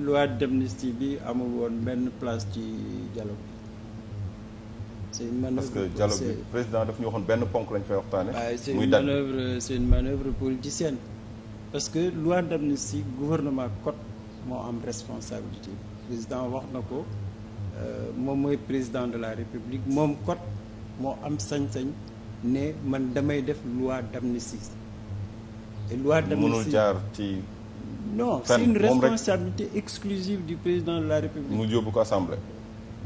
loi d'amnistie bi amul woon benn place ci jalo c'est une manœuvre parce que dialogue bi président daf ñu waxoon benn ponk lañ fay waxtaane c'est une manœuvre c'est une manœuvre politicienne parce que loi d'amnistie gouvernement cote moo am responsabilité président wax na ko euh, moom mooy président de la république moom cote moo am sañ-sañ ne man damay def loi d'amnistie et loi d'amnistie mënul jaar ci non c'est une responsabilité exclusive du président de la république. mu yóbbu ko assemblée.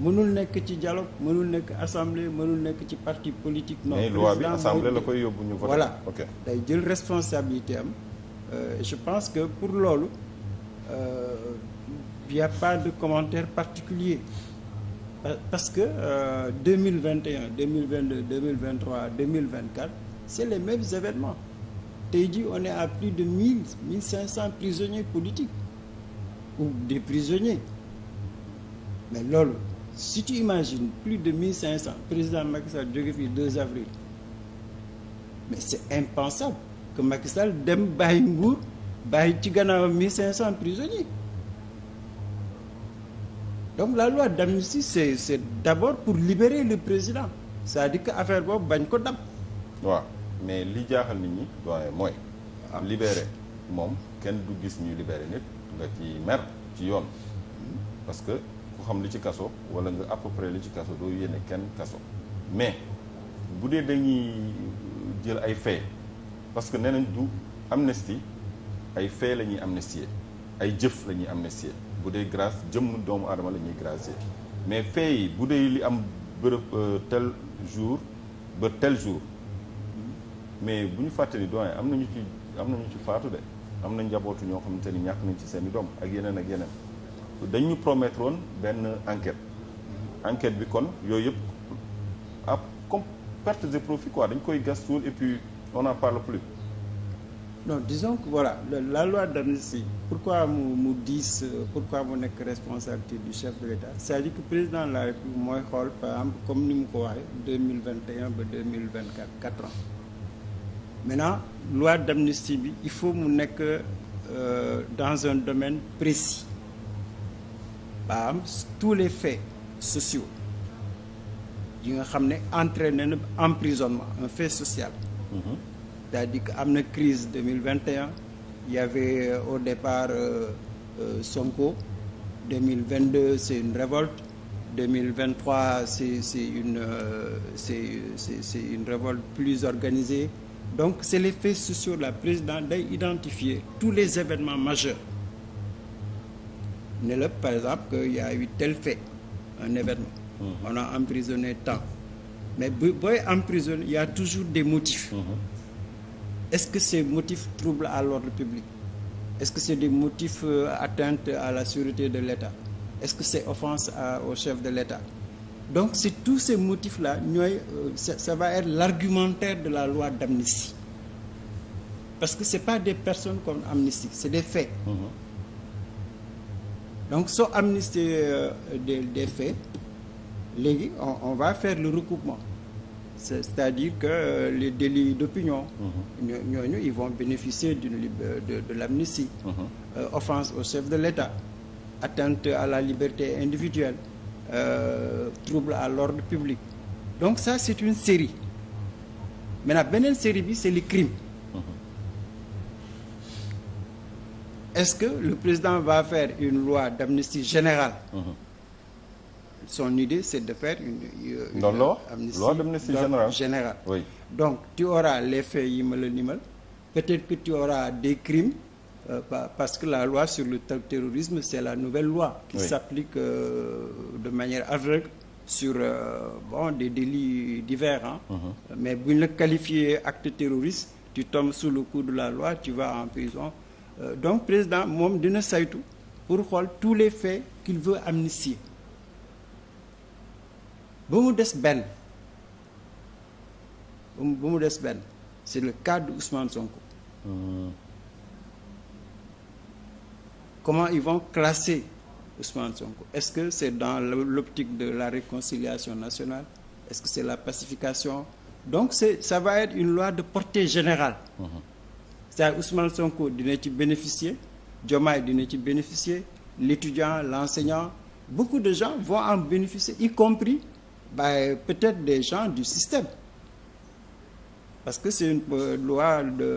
mënul nekk ci dialogue mënul nekk assemblée mënul nekk ci parti politique. non mais loi bi la koy yóbbu ñu voté. voilà day jël responsabilité am. Euh, je pense que pour loolu euh, y a pas de commentaire particulier parce que euh, deux mille vingt et un deux mille vingt deux deux mille vingt vingt quatre c'est les mêmes événements. tey jii on est à plus de mille mille cinq cent prisonniers politiques ou des prisonniers mais loolu si tu imagines plus de mille cinq cent président Macky Sall jóge fii 2 avril mais c'est impensable que Macky Sall dem bàyyi nguur bàyyi ci gannaawam mille cinq cent prisonniers donc la loi d'amnistie c'est c'est d'abord pour libérer le président cest à affaire boobu bañ ko dab waaw mais li jaaxal nit ñi doyen mooy ah. libéré moom kenn du gis ñuy libéré nit nga ci mer ci yoon parce que ku xam li ci kaso wala nga à peu li ci kaso doo yéene kenn kaso mais bu dee dañuy jël ay fait parce que nee nañ du amnistie ay fait la ñuy amnistier ay jëf la ñuy amnistier bu dee grâce jëmm doomu aadama la ñuy gracier mais fait yi bu dee li am bërëb euh, tel jour ba tel jour mais bu ñu fàttali doyen am nañu ci am na ñu ci faatu de am na njabootu ñoo xamante ni ñàkk nañ ci seen i doom ak yeneen ak yeneen dañu ñu promettre woon benn enquête enquête bi kon yooyu yëpp ab comme perte de profit quoi dañ koy gas suul et puis on n'en parle plus. non disons que voilà la loi d'amnistie pourquoi mu mu diis pourquoi mu nekk responsabilité du chef de l'État c'est-à-dire président la République mooy xool par exemple comme ni mu ko waxee deux mille vingt et ba deux mille vingt quatre quatre maintenant loi d'amnistie bi il faut mu nekk euh, dans un domaine précis baam tous les faits sociaux yi nga xam ne entraîné na emprisonnement un fait social mm -hmm. c'est-à-dire que am na crise 2021 il y avait euh, au départ euh, euh Sonko 2022 c'est une révolte 2023 c'est c'est une euh, c'est c'est une révolte plus organisée donc c'est l'effet sur la président day identifier tous les événements majeurs ne la par exemple qu'il y a eu tel fait un événement mmh. on a emprisonné tant mais bu booy emprisonné il y a toujours des motifs mm-hmm. est-ce que ces motifs troublent à l'ordre public est-ce que c'est des motifs euh, atteintes à la sûreté de l'État est-ce que c'est offense à, au chef de l'État donc c'est tous ces motifs là ñooy euh, ça, ça va être l'argumentaire de la loi d'amnistie parce que c'est pas des personnes qu'on amnistie c'est des faits mm-hmm. donc so amnistie euh, des des faits léegi on, on va faire le recoupement c'est, c'est-à-dire que euh, les délits d'opinion mm-hmm. ñooñu mmh. ils vont bénéficier euh, de, de l'amnistie mmh. euh, offense au chef de l'État atteinte à la liberté individuelle euh, trouble à l'ordre public donc ça c'est une série maintenant beneen série bi c'est le crime uh-huh. est-ce que le président va faire une loi d'amnistie général uh-huh. son idée c'est de faire une, une loi d'amnistie générale générale oui. donc tu auras les faits yi peut-être que tu des crimes euh, parce que la loi sur le terrorisme, c'est la nouvelle loi qui oui. s'applique euh, de manière aveugle sur euh, des délits divers. Hein. Uh Mais bu ñu la qualifier acte terroriste, tu tombes sous le coup de la loi, tu vas euh, donc président moom dina saytu pour xool tous les faits qu'il veut amnistier ba mu des benn ba mu des benn c'est le cas de Ousmane Sonko. Uh -huh. comment ils vont classer Ousmane Sonko est-ce que c'est dans l'optique de la réconciliation nationale est-ce que c'est la pacification donc c'est ça va être une loi de portée générale uh mhm. -huh. c'est-à-dire Ousmane Sonko dina ci bénéficier Diomaye dina ci bénéficier l'étudiant l'enseignant beaucoup de gens vont en bénéficier y compris bah, peut-être des gens du système parce que c'est une euh, loi de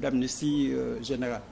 d'amnistie euh, générale